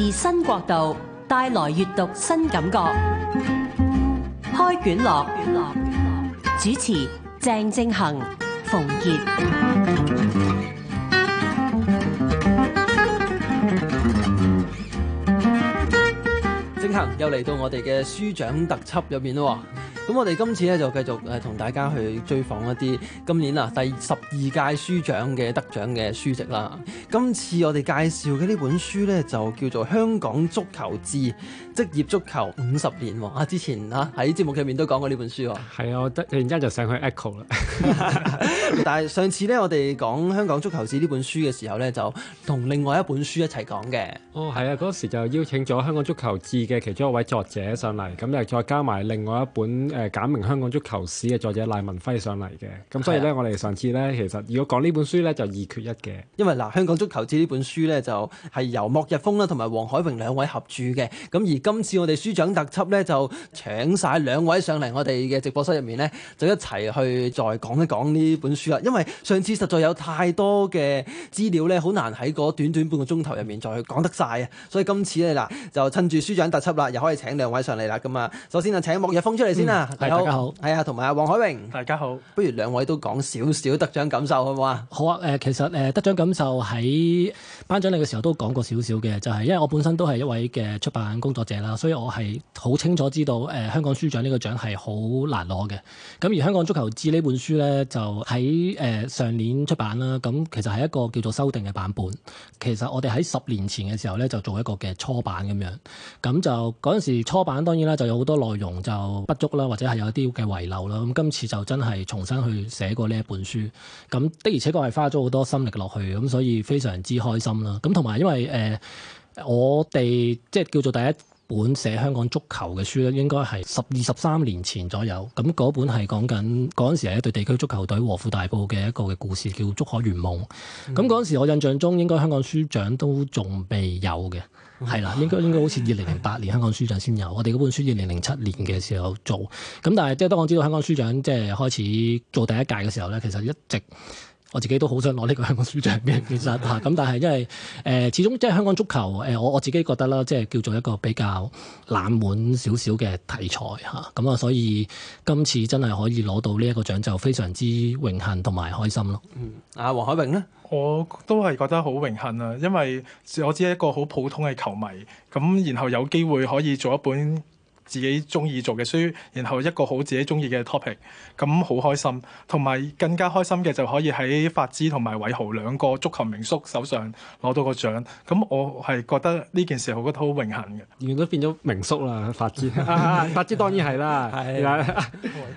自新角度，帶來閱讀新感覺。開卷樂，主持鄭正恒、馮傑。正恒，又嚟到我哋嘅書獎特輯入面喎。咁我哋今次咧就繼續誒同大家去追訪一啲今年啊第十二屆書獎嘅得獎嘅書籍啦。今次我哋介紹嘅呢本書呢，就叫做《香港足球誌：職業足球五十年》哦。啊，之前啊喺節目入面都講過呢本書喎、哦。係啊，我突然間就上去 echo 啦。 但係上次呢，我哋講《香港足球誌》呢本書嘅時候呢，就同另外一本書一齊講嘅。哦，係啊，嗰時就邀請咗《香港足球誌》嘅其中一位作者上嚟，咁又再加埋另外一本。誒，簡明香港足球史嘅作者賴文輝上嚟嘅。咁的所以咧，我哋上次咧，其實如果講呢本書咧，就二缺一嘅。因為嗱，香港足球誌呢本書咧，就係、是、由莫逸風啦同埋黃海榮兩位合著嘅。咁而今次我哋書獎特輯咧，就請晒兩位上嚟我哋嘅直播室入面咧，就一齊去再講一講呢本書啦。因為上次實在有太多嘅資料咧，好難喺嗰短短半個鐘頭入面再去講得晒。啊。所以今次咧嗱，就趁住書獎特輯啦，又可以請兩位上嚟啦。咁啊，首先啊，請莫逸風出嚟先啊。嗯大家好，係啊，同埋啊，黃海榮，大家好，不如兩位都講少少得獎感受好唔好啊？好啊，誒，其實誒，得、呃、獎感受喺頒獎禮嘅時候都講過少少嘅，就係、是、因為我本身都係一位嘅出版工作者啦，所以我係好清楚知道誒、呃，香港書獎呢個獎係好難攞嘅。咁而《香港足球誌》呢本書咧，就喺誒、呃、上年出版啦。咁其實係一個叫做修訂嘅版本。其實我哋喺十年前嘅時候咧，就做一個嘅初版咁樣。咁就嗰陣時初版，當然啦，就有好多內容就不足啦。即係有一啲嘅遺漏啦，咁今次就真係重新去寫過呢一本書，咁的而且確係花咗好多心力落去，咁所以非常之開心啦。咁同埋因為誒、呃、我哋即係叫做第一本寫香港足球嘅書咧，應該係十二十三年前左右，咁嗰本係講緊嗰陣時係一對地區足球隊和富大埔嘅一個嘅故事，叫《足可圓夢》。咁嗰陣時我印象中應該香港書獎都仲未有嘅，係啦、嗯，應該應該好似二零零八年香港書獎先有。我哋嗰本書二零零七年嘅時候做，咁但係即係當我知道香港書獎即係開始做第一屆嘅時候呢，其實一直。我自己都好想攞呢個香港書獎嘅，其實嚇咁、啊，但係因為誒、呃、始終即係香港足球誒、呃，我我自己覺得啦，即係叫做一個比較冷門少少嘅題材嚇咁啊，所以今次真係可以攞到呢一個獎，就非常之榮幸同埋開心咯。嗯，阿黃、啊、海榮呢，我都係覺得好榮幸啊，因為我只係一個好普通嘅球迷咁，然後有機會可以做一本自己中意做嘅書，然後一個好自己中意嘅 topic，咁好開心，同埋更加開心嘅就可以喺發枝同埋偉豪兩個足球名宿手上攞到個獎，咁我係覺得呢件事我覺得好榮幸嘅。原來都變咗名宿啦，發枝 啊，發枝當然係啦，係啊，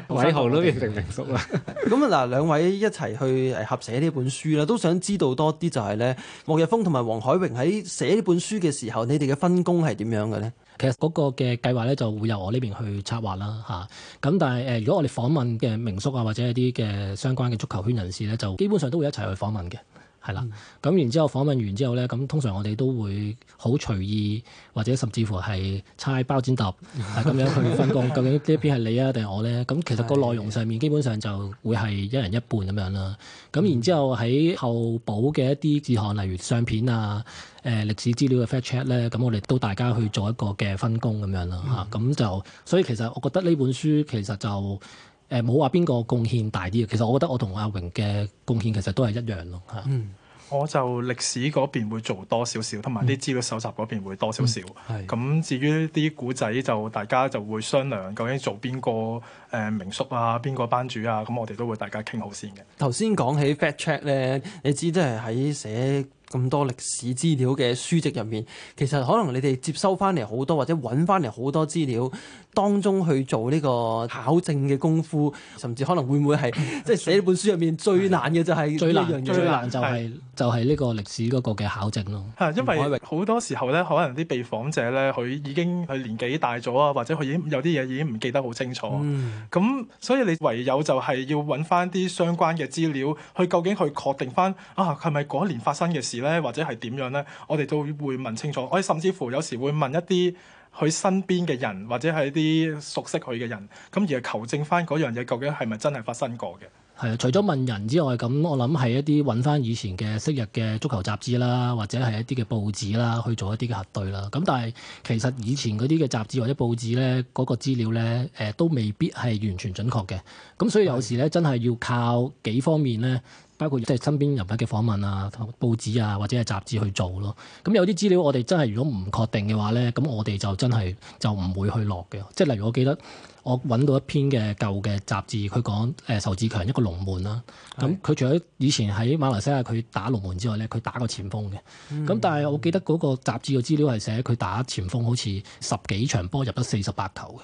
偉豪都變成名宿啦。咁啊嗱，兩位一齊去合寫呢本書啦，都想知道多啲就係咧，莫逸風同埋黃海榮喺寫呢本書嘅時候，你哋嘅分工係點樣嘅咧？其實嗰個嘅計劃咧就會由我呢邊去策劃啦，咁、啊、但係如果我哋訪問嘅名宿啊，或者一啲嘅相關嘅足球圈人士咧，就基本上都會一齊去訪問嘅。係啦，咁然之後訪問完之後咧，咁通常我哋都會好隨意，或者甚至乎係猜，猜包剪揼，咁樣、 啊、去分工。究竟呢一篇係你啊，定係我咧？咁其實個內容上面基本上就會係一人一半咁樣啦。咁然之後喺後補嘅一啲事項，例如相片啊、誒、呃、歷史資料嘅 fact check 咧，咁我哋都大家去做一個嘅分工咁樣啦。嚇、嗯，咁、啊、就所以其實我覺得呢本書其實就。誒，冇話邊個貢獻大啲嘅，其實我覺得我同阿榮嘅貢獻其實都係一樣咯嚇。嗯，我就歷史嗰邊會做多少少，同埋啲資料搜集嗰邊會多少少。係咁、嗯，至於啲古仔就大家就會商量究竟做邊個誒，名宿啊，邊個班主啊，咁我哋都會大家傾好先嘅。頭先講起 fact check 咧，track，你知即係喺寫。咁多歷史資料嘅書籍入面，其實可能你哋接收翻嚟好多，或者揾翻嚟好多資料當中去做呢個考證嘅功夫，甚至可能會唔會係即係寫本書入面最難嘅就係呢 樣嘢，最難就係 就係呢個歷史嗰個嘅考證咯。因為好多時候呢，可能啲被訪者呢，佢已經佢年紀大咗啊，或者佢有啲嘢已經唔記得好清楚。嗯。咁所以你唯有就係要揾翻啲相關嘅資料，去究竟去確定翻啊，係咪嗰一年發生嘅事？咧或者係點樣咧？我哋都會問清楚，可以甚至乎有時會問一啲佢身邊嘅人，或者係一啲熟悉佢嘅人，咁而係求證翻嗰樣嘢究竟係咪真係發生過嘅？係啊，除咗問人之外，咁我諗係一啲搵返以前嘅昔日嘅足球雜誌啦，或者係一啲嘅報紙啦，去做一啲嘅核對啦。咁但係其實以前嗰啲嘅雜誌或者報紙咧，嗰、嗰個資料咧，誒、呃、都未必係完全準確嘅。咁所以有時咧，真係要靠幾方面咧。包括即係身邊人物嘅訪問啊、報紙啊，或者係雜誌去做咯。咁有啲資料我哋真係如果唔確定嘅話咧，咁我哋就真係就唔會去落嘅。即係例如我記得。我揾到一篇嘅舊嘅雜誌，佢講誒仇志強一個龍門啦。咁佢是除咗以前喺馬來西亞佢打龍門之外咧，佢打過前鋒嘅。咁、嗯、但係我記得嗰個雜誌嘅資料係寫佢打前鋒好似十幾場波入咗四十八球嘅。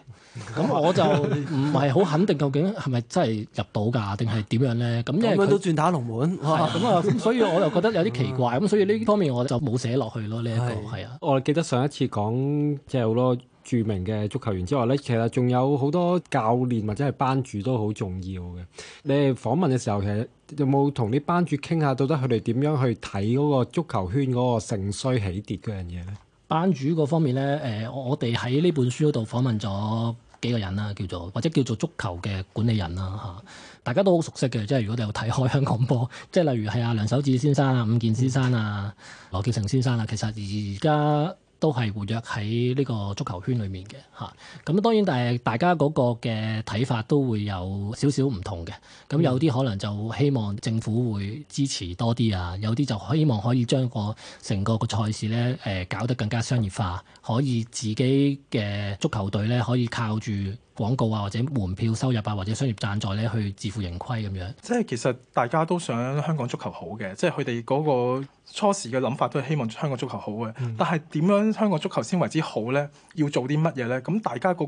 咁、嗯、我就唔係好肯定究竟係咪真係入到㗎，定係點樣咧？咁因為佢都轉打龍門，咁啊，所以我又覺得有啲奇怪。咁、嗯、所以呢方面我就冇寫落去咯。呢一個係啊，我記得上一次講即係好多。著名嘅足球員之外咧，其實仲有好多教練或者係班主都好重要嘅。你哋訪問嘅時候，其實有冇同啲班主傾下，到底佢哋點樣去睇嗰個足球圈嗰個盛衰起跌嗰樣嘢咧？班主嗰方面咧，誒、呃，我哋喺呢本書嗰度訪問咗幾個人啦，叫做或者叫做足球嘅管理人啦嚇、啊，大家都好熟悉嘅，即係如果你有睇開香港波，即係例如係阿梁守智先生啊、伍健先生啊、嗯、羅傑成先生啊，其實而家。都係活躍喺呢個足球圈裡面嘅嚇，咁、啊、當然誒，大家嗰個嘅睇法都會有少少唔同嘅，咁有啲可能就希望政府會支持多啲啊，有啲就希望可以將個成個個賽事咧誒搞得更加商業化，可以自己嘅足球隊咧可以靠住。廣告啊，或者門票收入啊，或者商業贊助咧，去自負盈虧咁樣。即係其實大家都想香港足球好嘅，即係佢哋嗰個初時嘅諗法都係希望香港足球好嘅。嗯、但係點樣香港足球先為之好呢？要做啲乜嘢呢？咁大家嗰、嗰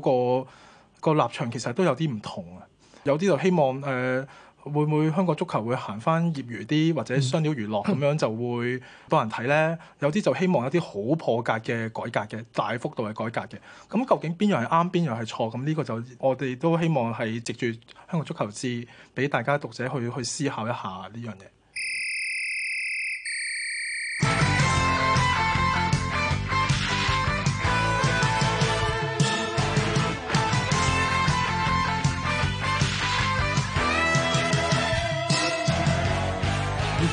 個、嗰個立場其實都有啲唔同啊。有啲就希望誒。呃會唔會香港足球會行翻業餘啲或者商業娛樂咁樣就會、嗯、多人睇呢？有啲就希望一啲好破格嘅改革嘅，大幅度嘅改革嘅。咁究竟邊樣係啱，邊樣係錯？咁呢個就我哋都希望係藉住香港足球誌，俾大家讀者去去思考一下呢樣嘢。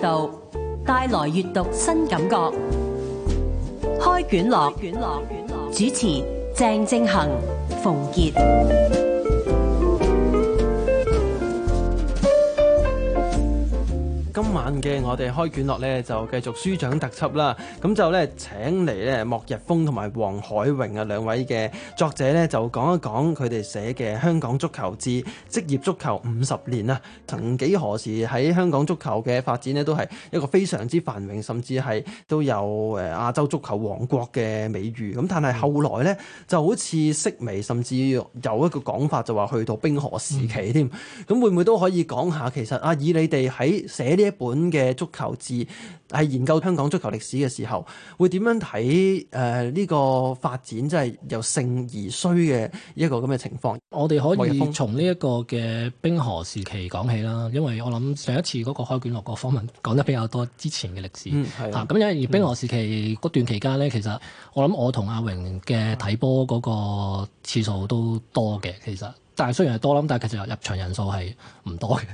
道帶來閱讀新感覺，開卷樂主持鄭正恆、馮傑。嘅、嗯、我哋開卷樂咧就繼續書長特輯啦，咁、嗯、就咧請嚟咧莫逸風同埋黃海榮啊兩位嘅作者咧就講一講佢哋寫嘅《香港足球誌：職業足球五十年》啊，曾幾何時喺香港足球嘅發展咧都係一個非常之繁榮，甚至係都有誒亞洲足球王國嘅美譽，咁但係後來咧就好似式微，甚至有一個講法就話去到冰河時期添。咁、嗯嗯、會唔會都可以講下其實啊以你哋喺寫呢一本？嘅足球誌，係研究香港足球歷史嘅時候，會點樣睇誒呢個發展？即係由盛而衰嘅一個咁嘅情況，我哋可以從呢一個嘅冰河時期講起啦，因為我諗上一次嗰個開卷樂個訪問講得比較多之前嘅歷史。嗯，係。嚇，咁因為而冰河時期嗰段期間咧，嗯、其實我諗我同阿榮嘅睇波嗰個次數都多嘅，其實。但係雖然係多啦，但係其實入場人數係唔多嘅，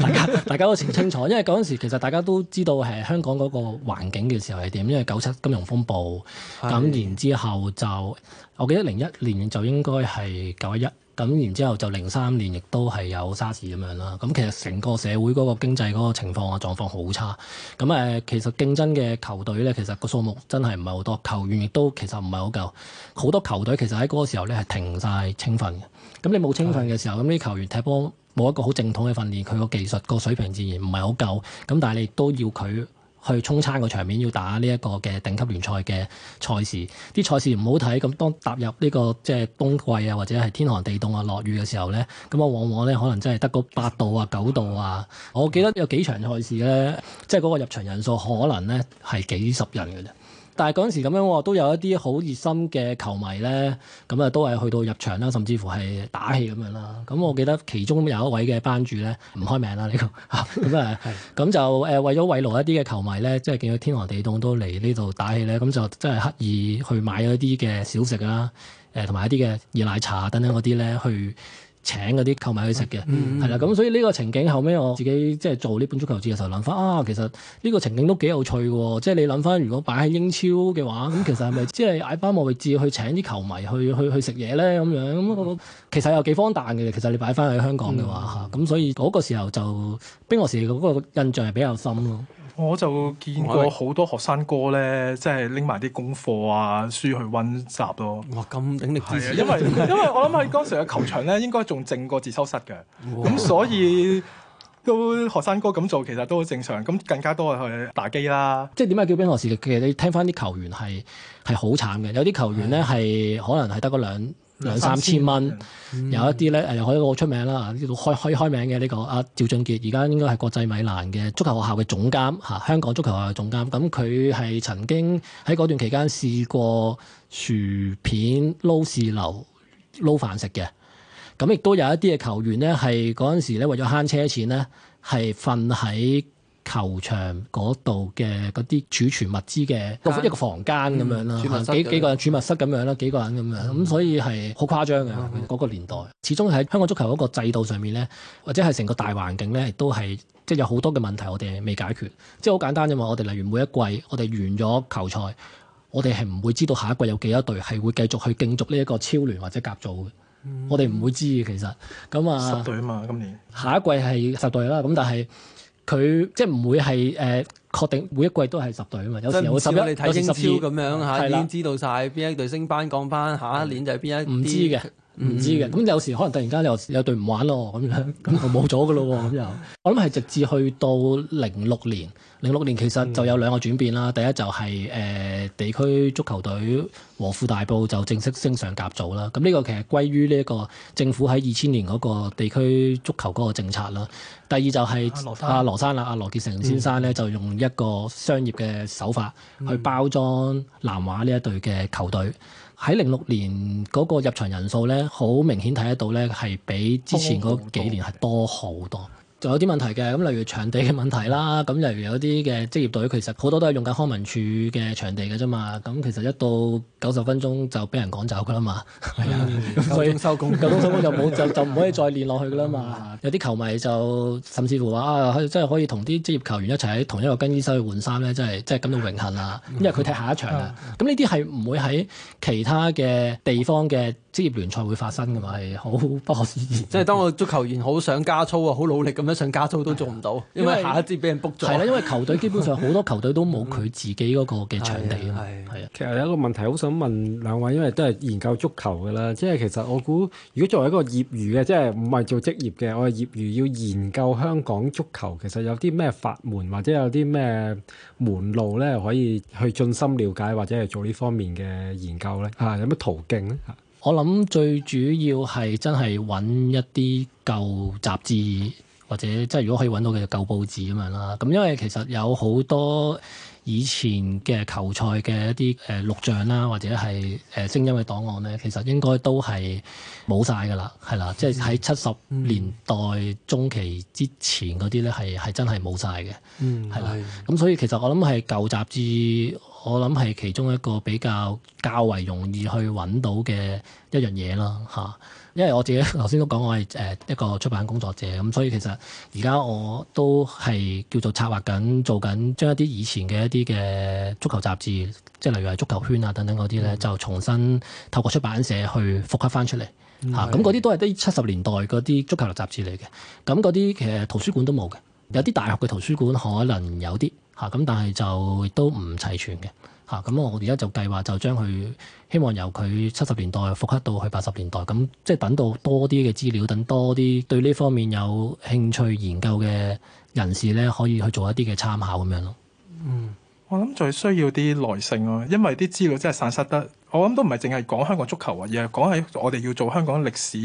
大家 大家都清清楚，因為嗰陣時其實大家都知道係香港嗰個環境嘅時候係點，因為九七金融風暴，咁的然後之後就我記得零一年就應該係九一一。咁然之後就零三年亦都係有沙士咁樣啦。咁其實成個社會嗰個經濟嗰個情況啊狀況好差。咁誒其實競爭嘅球隊呢，其實個數目真係唔係好多，球員亦都其實唔係好夠。好多球隊其實喺嗰個時候呢係停晒青訓嘅。咁你冇青訓嘅時候，咁啲是的 球員踢波冇一個好正統嘅訓練，佢個技術個水平自然唔係好夠。咁但係你都要佢。去衝餐個場面要打呢一個嘅頂級聯賽嘅賽事，啲賽事唔好睇。咁當踏入呢個即係冬季啊，或者係天寒地凍啊、落雨嘅時候咧，咁啊往往咧可能真係得個八度啊、九度啊。我記得有幾場賽事咧，即係嗰個入場人數可能咧係幾十人嘅啫。但係嗰陣時咁樣，我都有一啲好熱心嘅球迷咧，咁啊都係去到入場啦，甚至乎係打氣咁樣啦。咁我記得其中有一位嘅班主咧，唔開名啦呢、呢個，嚇咁啊，咁就誒、呃、為咗慰勞一啲嘅球迷咧，即係見到天寒地凍都嚟呢度打氣咧，咁就真係刻意去買咗一啲嘅小食啦，誒同埋一啲嘅熱奶茶等等嗰啲咧去。請嗰啲球迷去食嘅，係啦、嗯，咁所以呢個情景，後尾我自己即係做呢本足球誌嘅時候諗翻，啊，其實呢個情景都幾有趣嘅、哦，即係你諗翻如果擺喺英超嘅話，咁 其實係咪即係擺翻某位置去請啲球迷去去去食嘢咧咁樣？咁、那個、其實又幾荒誕嘅。其實你擺翻喺香港嘅話嚇，咁、嗯嗯、所以嗰個時候就冰哥時冰河時嗰個印象係比較深咯。我就見過好多學生哥咧，即係拎埋啲功課啊、書去温習咯、啊。哇，咁鼎力支持、啊、因為， 因，為因為我諗喺當時嘅球場咧，應該仲靜過自修室嘅。咁哇所以都學生哥咁做，其實都好正常。咁更加多係去打機啦。即係點解叫冰河時期？其實你聽翻啲球員係係好慘嘅，有啲球員咧係的的可能係得嗰兩。兩三千蚊、嗯，有一啲咧誒，又可以好出名啦，叫做開開開名嘅呢、呢個阿趙俊傑，而家應該係國際米蘭嘅足球學校嘅總監嚇，香港足球學校嘅總監。咁佢係曾經喺嗰段期間試過薯片撈士流撈飯食嘅，咁亦都有一啲嘅球員咧，係嗰陣時咧為咗慳車錢咧，係瞓喺。球場嗰度嘅嗰啲儲存物資嘅一個一個房間咁樣啦，嗯、幾、嗯、幾個人儲、嗯、物室咁樣啦，幾個人咁樣，咁、嗯、所以係好誇張嘅嗰個年代。始終喺香港足球嗰個制度上面呢，或者係成個大環境呢，都係即係有好多嘅問題，我哋未解決。即係好簡單啫嘛，我哋例如每一季，我哋完咗球賽，我哋係唔會知道下一季有幾多隊係會繼續去競逐呢一個超聯或者甲組嘅。嗯、我哋唔會知嘅其實。咁啊，十隊啊嘛，今年下一季係十隊啦。咁但係。佢即係唔會係誒、呃、確定每一季都係十隊啊嘛，有時有十一、你睇英超咁樣嚇，的已經知道晒邊一隊升班降班，下一年就係邊一唔知嘅，唔、嗯、知嘅。咁有時可能突然間又有隊有隊唔玩咯，咁樣咁就冇咗嘅咯喎，咁又 我諗係直至去到零六年。零六年其實就有兩個轉變啦，嗯、第一就係、是、誒、呃、地區足球隊和富大埔就正式升上甲組啦。咁呢個其實歸於呢一個政府喺二千年嗰個地區足球嗰個政策啦。第二就係、是、阿、啊、羅生啦，阿、啊、羅傑、嗯啊、成先生咧就用一個商業嘅手法去包裝南華呢一隊嘅球隊。喺零六年嗰個入場人數咧，好明顯睇得到咧，係比之前嗰幾年係多好多。就有啲問題嘅，咁例如場地嘅問題啦，咁例如有啲嘅職業隊其實好多都係用緊康文署嘅場地嘅啫嘛，咁其實一到九十分鐘就俾人趕走㗎啦嘛，係啊，夠鐘收工，夠鐘收工就冇 就就唔可以再練落去㗎啦嘛。嗯、有啲球迷就甚至乎話，啊、可以真係可以同啲職業球員一齊喺同一個更衣室去換衫咧，真係真係感到榮幸啦。嗯、因為佢踢下一場啊，咁呢啲係唔會喺其他嘅地方嘅職業聯賽會發生㗎嘛，係好不可思議。 即係當個足球員好想加操啊，好努力咁。上加粗都做唔到，因為，因為下一節俾人 book 咗。係啦，因為球隊基本上好多球隊都冇佢自己嗰個嘅場地。係啊、 嗯，其實有一個問題，好想問兩位，因為都係研究足球噶啦。即係其實我估，如果作為一個業餘嘅，即係唔係做職業嘅，我係業餘要研究香港足球，其實有啲咩法門或者有啲咩門路咧，可以去進心了解或者係做呢方面嘅研究咧？嚇，有咩途徑咧？我諗最主要係真係揾一啲舊雜誌。或者即係如果可以揾到嘅舊報紙咁樣啦，咁因為其實有好多以前嘅球賽嘅一啲誒錄像啦，或者係誒聲音嘅檔案咧，其實應該都係冇晒噶啦，係啦、嗯，即係喺七十年代中期之前嗰啲咧係係真係冇晒嘅，嗯，係啦。咁的所以其實我諗係舊雜誌，我諗係其中一個比較較為容易去揾到嘅一樣嘢啦，吓。因為我自己頭先都講，我係誒一個出版工作者，咁所以其實而家我都係叫做策劃緊，做緊將一啲以前嘅一啲嘅足球雜誌，即係例如係足球圈啊等等嗰啲咧，就重新透過出版社去復刻翻出嚟吓。咁嗰啲都係啲七十年代嗰啲足球雜誌嚟嘅。咁嗰啲其實圖書館都冇嘅，有啲大學嘅圖書館可能有啲吓，咁但係就都唔齊全嘅。吓！咁我而家就計劃就將佢希望由佢七十年代復刻到去八十年代，咁即係等到多啲嘅資料，等多啲對呢方面有興趣研究嘅人士咧，可以去做一啲嘅參考咁樣咯。我諗最需要啲耐性咯，啊，因為啲資料真係散失得，我諗都唔係淨係講香港足球啊，而係講喺我哋要做香港歷史，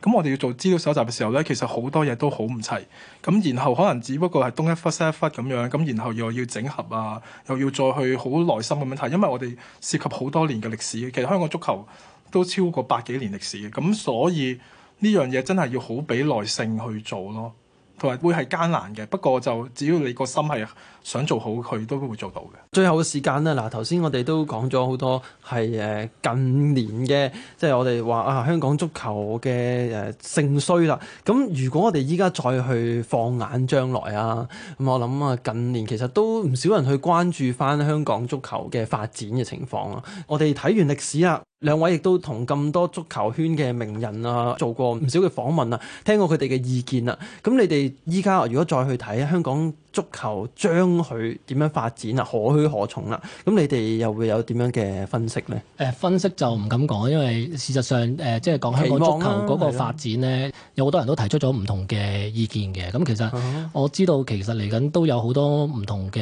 咁我哋要做資料搜集嘅時候咧，其實好多嘢都好唔齊，咁然後可能只不過係東一忽西一忽咁樣，咁然後又要整合啊，又要再去好耐心咁樣睇，因為我哋涉及好多年嘅歷史，其實香港足球都超過百幾年歷史嘅，咁所以呢樣嘢真係要好俾耐性去做咯。同埋會係艱難嘅，不過就只要你個心係想做好，佢都會做到嘅。最後嘅時間呢，嗱頭先我哋都講咗好多係誒近年嘅，即係我哋話啊香港足球嘅誒盛衰啦。咁如果我哋依家再去放眼將來啊，咁我諗啊近年其實都唔少人去關注翻香港足球嘅發展嘅情況啊。我哋睇完歷史啊。兩位亦都同咁多足球圈嘅名人啊，做過唔少嘅訪問啊，聽過佢哋嘅意見啦。咁你哋依家如果再去睇香港足球將佢點樣發展啊，何去何從啦。咁你哋又會有點樣嘅分析呢？誒、呃，分析就唔敢講，因為事實上誒、呃，即係講香港足球嗰個發展呢，啊、有好多人都提出咗唔同嘅意見嘅。咁的其實我知道，其實嚟緊都有好多唔同嘅、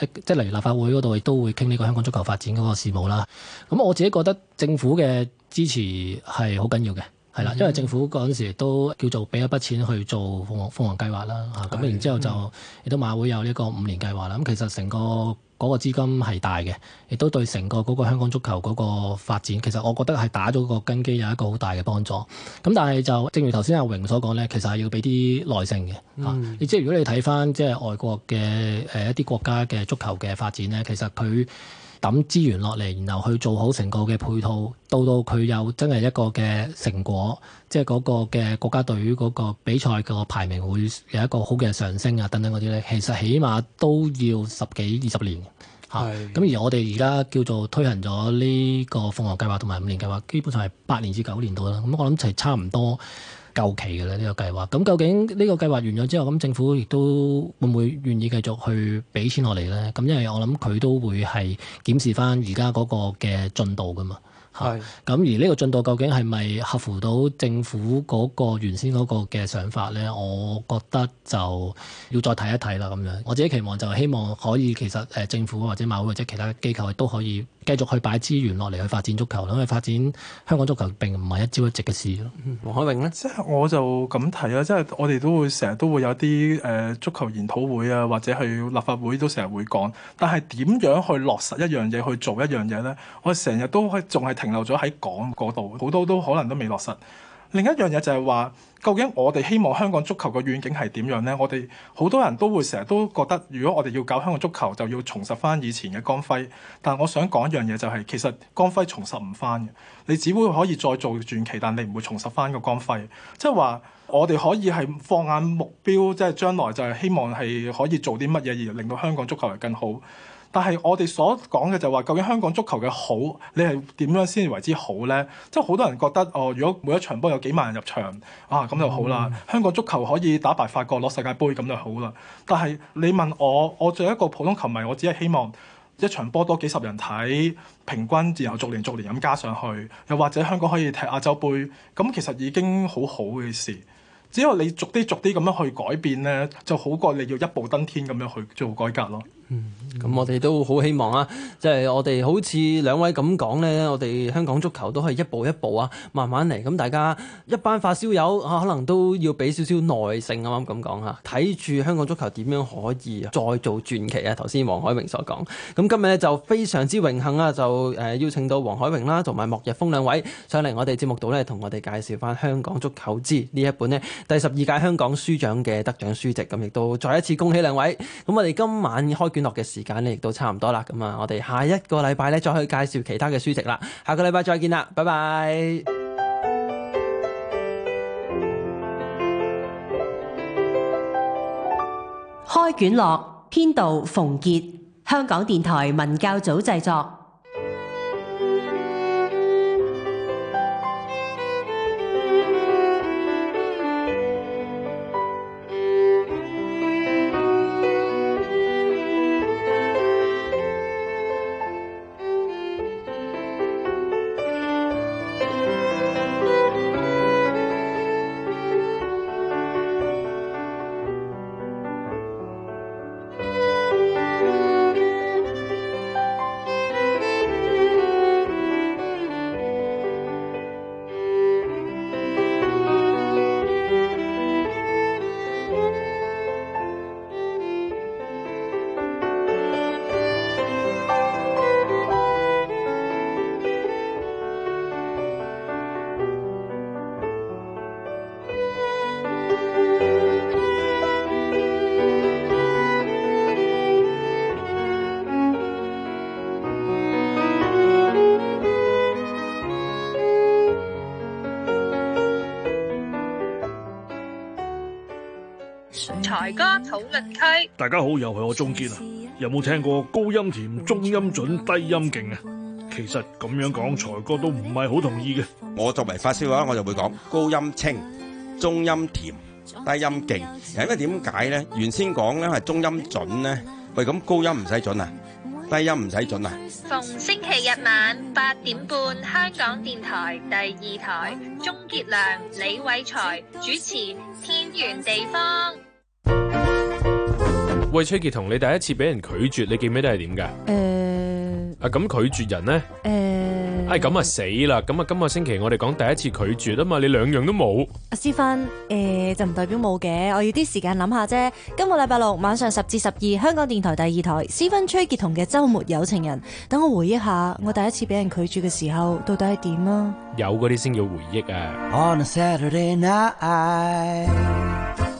呃，即係例如立法會嗰度都會傾呢個香港足球發展嗰個事務啦。咁我自己覺得。政府嘅支持係好緊要嘅，係啦、嗯哼，因為政府嗰陣時都叫做俾一筆錢去做鳳凰鳳凰計劃啦，嚇咁的然之後就亦都馬會有呢個五年計劃啦。咁、嗯、哼其實成個嗰個資金係大嘅，亦都對成個嗰個香港足球嗰個發展，其實我覺得係打咗個根基，有一個好大嘅幫助。咁但係就正如頭先阿榮所講呢，其實係要俾啲耐性嘅，嚇、嗯啊。即係如果你睇翻即係外國嘅誒一啲國家嘅足球嘅發展呢，其實佢。抌資源落嚟，然後去做好成個嘅配套，到到佢有真係一個嘅成果，即係嗰個嘅國家隊嗰個比賽個排名會有一個好嘅上升啊，等等嗰啲呢，其實起碼都要十幾二十年嚇。咁是、啊、而我哋而家叫做推行咗呢個鳳凰計劃同埋五年計劃，基本上係八年至九年度啦。咁、嗯、我諗係差唔多。夠期嘅咧，呢個計劃，咁究竟呢個計劃完咗之後，咁政府亦都會唔會願意繼續去俾錢落嚟呢？咁因為我諗佢都會係檢視返而家嗰個嘅進度㗎嘛。係是。咁、嗯、而呢個進度究竟係咪合乎到政府嗰個原先嗰個嘅想法呢？我覺得就要再睇一睇啦。咁樣我自己期望就希望可以其實誒政府或者某啲或者其他機構都可以。繼續去擺資源落嚟去發展足球，因為發展香港足球並唔係一朝一夕嘅事咯。嗯，可能，咧，即係我就咁睇啦，即係我哋都會成日都會有啲誒、呃、足球研討會啊，或者去立法會都成日會講。但係點樣去落實一樣嘢去做一樣嘢咧？我哋成日都仲係停留咗喺講嗰度，好多都可能都未落實。另一樣嘢就係話，究竟我哋希望香港足球嘅遠景係點樣咧？我哋好多人都會成日都覺得，如果我哋要搞香港足球，就要重拾翻以前嘅光輝。但我想講一樣嘢就係、是，其實光輝重拾唔翻嘅，你只會可以再做傳奇，但你唔會重拾翻個光輝。即係話，我哋可以係放眼目標，即係將來就係希望係可以做啲乜嘢而令到香港足球係更好。但係我哋所講嘅就話，究竟香港足球嘅好，你係點樣先為之好咧？即係好多人覺得哦，如果每一場波有幾萬人入場，啊咁就好啦。嗯嗯，香港足球可以打敗法國攞世界盃咁就好啦。但係你問我，我做一個普通球迷，我只係希望一場波多幾十人睇，平均然後逐年逐年咁加上去，又或者香港可以踢亞洲盃，咁其實已經好好嘅事。只要你逐啲逐啲咁樣去改變咧，就好過你要一步登天咁樣去做改革咯。咁、嗯嗯、我哋都好希望啊，即、就、係、是、我哋好似兩位咁講咧，我哋香港足球都係一步一步啊，慢慢嚟。咁大家一班發燒友啊，可能都要俾少少耐性樣，啱啱咁講吓，睇住香港足球點樣可以再做傳奇啊！頭先黃海榮所講，咁今日咧就非常之榮幸啊，就誒邀請到黃海榮啦，同埋莫逸風兩位上嚟我哋節目度咧，同我哋介紹翻香港足球之呢一本咧第十二屆香港書獎嘅得獎書籍。咁亦都再一次恭喜兩位。咁我哋今晚開卷樂嘅時間咧，亦都差唔多啦。咁啊，我哋下一個禮拜咧，再去介紹其他嘅書籍啦。下個禮拜再見啦，拜拜。開卷樂編導馮杰，香港電台文教組製作。家討論區，大家好，又係我鍾杰啊。有冇聽過高音甜、中音準、低音勁啊？其實咁樣講，才哥都唔係好同意嘅。我作為發燒友，我就會講高音清、中音甜、低音勁。因為點解咧？原先講咧係中音準咧，喂，咁高音唔使準啊，低音唔使準啊。逢星期日晚八點半，香港電台第二台，鍾杰良、李偉才主持《天圓地方》。喂，崔杰同，你第一次俾人拒絕，你記唔記得係點㗎？誒、呃、啊，咁拒絕人呢？誒、呃，哎，咁啊死啦！咁啊，今個星期我哋講第一次拒絕啊嘛，你兩樣都冇。阿思芬，誒、呃、就唔代表冇嘅，我要啲時間諗下啫。今個禮拜六晚上十至十二，香港電台第二台，思芬崔杰同嘅週末有情人。等我回憶下，我第一次俾人拒絕嘅時候，到底係點啊？有嗰啲先叫回憶啊！On